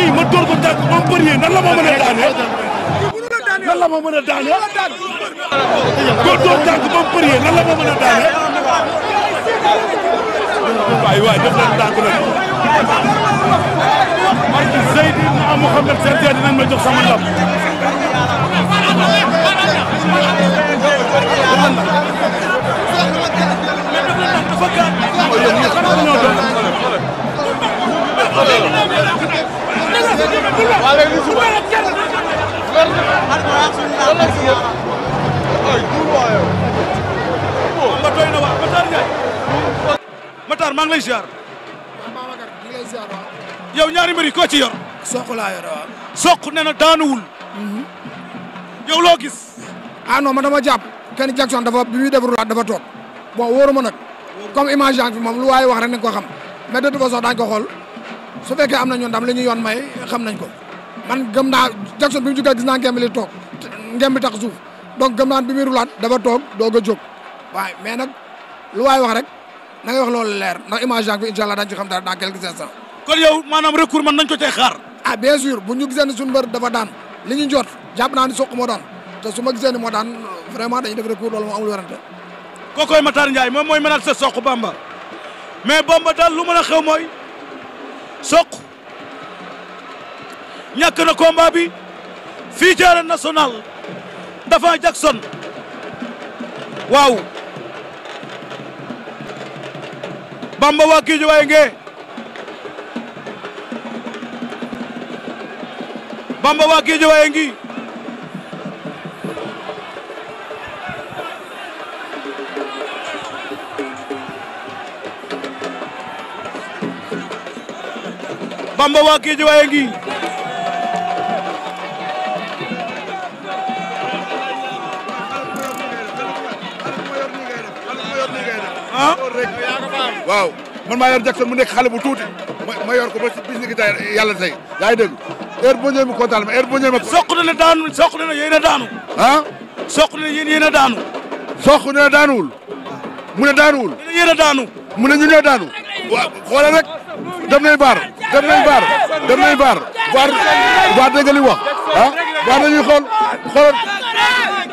kii ma door ko tànk ba mu bëri nan la ma mën a daanee. nan la ma mën a daanee. ko door tànk ba mu bëri nan la ma mën a daanee. waay waay def leen tànk nag. parce que Seydina Mouhamed Sène dinañ ma jox sama ndam. Matar maa ngi lay ziar. yow ñaari mbir yi koo ci yor. soq laa yor waaw. soq nee na daanuwul. Mhm. yow loo gis. ah non ma dama jàpp kenn Jackson dafa bi muy defar dafa toog bon wóoruma nag comme image yaa ngi fi moom lu waaye wax rek nañ ko xam mais de toute façon daañu ko xool su fekkee am na ñun dam li yoon may xam nañ ko. man gëm naa Jackson bi mu jógee gis naa ngeen li toog ngeen bi tax suuf donc gëm naa bi muy rulaat dafa toog doog a jóg waaye mais nag lu waay wax rek na ngay wax loolu leer ndax image yaa ngi fi incha allah daañu ci xam dara dans quelques instants. kon yow maanaam recours man nañ ko tey xaar. ah bien sûr bu ñu gisee ne suñu mbër li ñu jot jàpp naa ne soq moo daan te su ma gisee moo daan vraiment dañuy def recours loolu moo amul werante. koy Matar Ndiaye moom mooy mënaat sa soq Bamba mais Bamba daal lu mën a xew mooy soq. ñàkk na combat bi fii ci arène nationale dafa Jackson waaw Bamba waa kii waaye ngee Bamba waa kii waa kii ah waaw man maa yor Jackson mu nekk xale bu tuuti ma yor ko ba bis ni ki tey yàlla tey yaa ngi dégg heure boo ñëwee ma kontaan ma heure boo ñëwee ma soq na ne daanu soq na ne yéen a daanu ah soq na ne yéen yéen a daanu soq na ne daanuwul mu ne daanuwul yéen a daanu mu ne ñu ñoo daanu waaw xoolal rek dem nañ baar dem nañ baar dem nañ baar baar baar dégg nga li wax ah baar dañuy xool xoolal